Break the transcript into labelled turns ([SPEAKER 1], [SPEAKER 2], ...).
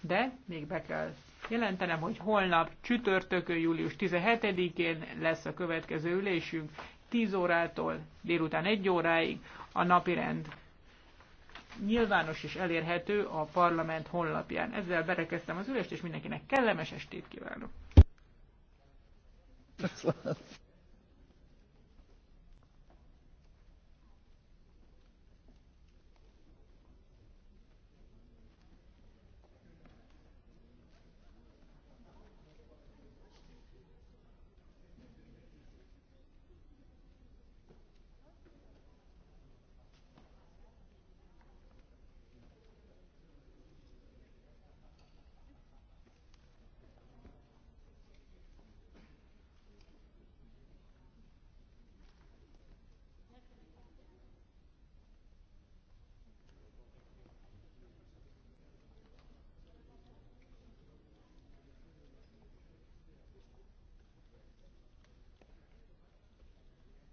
[SPEAKER 1] de még be kell jelentenem, hogy holnap csütörtökön, július 17-én lesz a következő ülésünk, 10 órától délután 1 óráig a napirend nyilvános és elérhető a parlament honlapján. Ezzel berekeztem az ülést, és mindenkinek kellemes estét kívánok!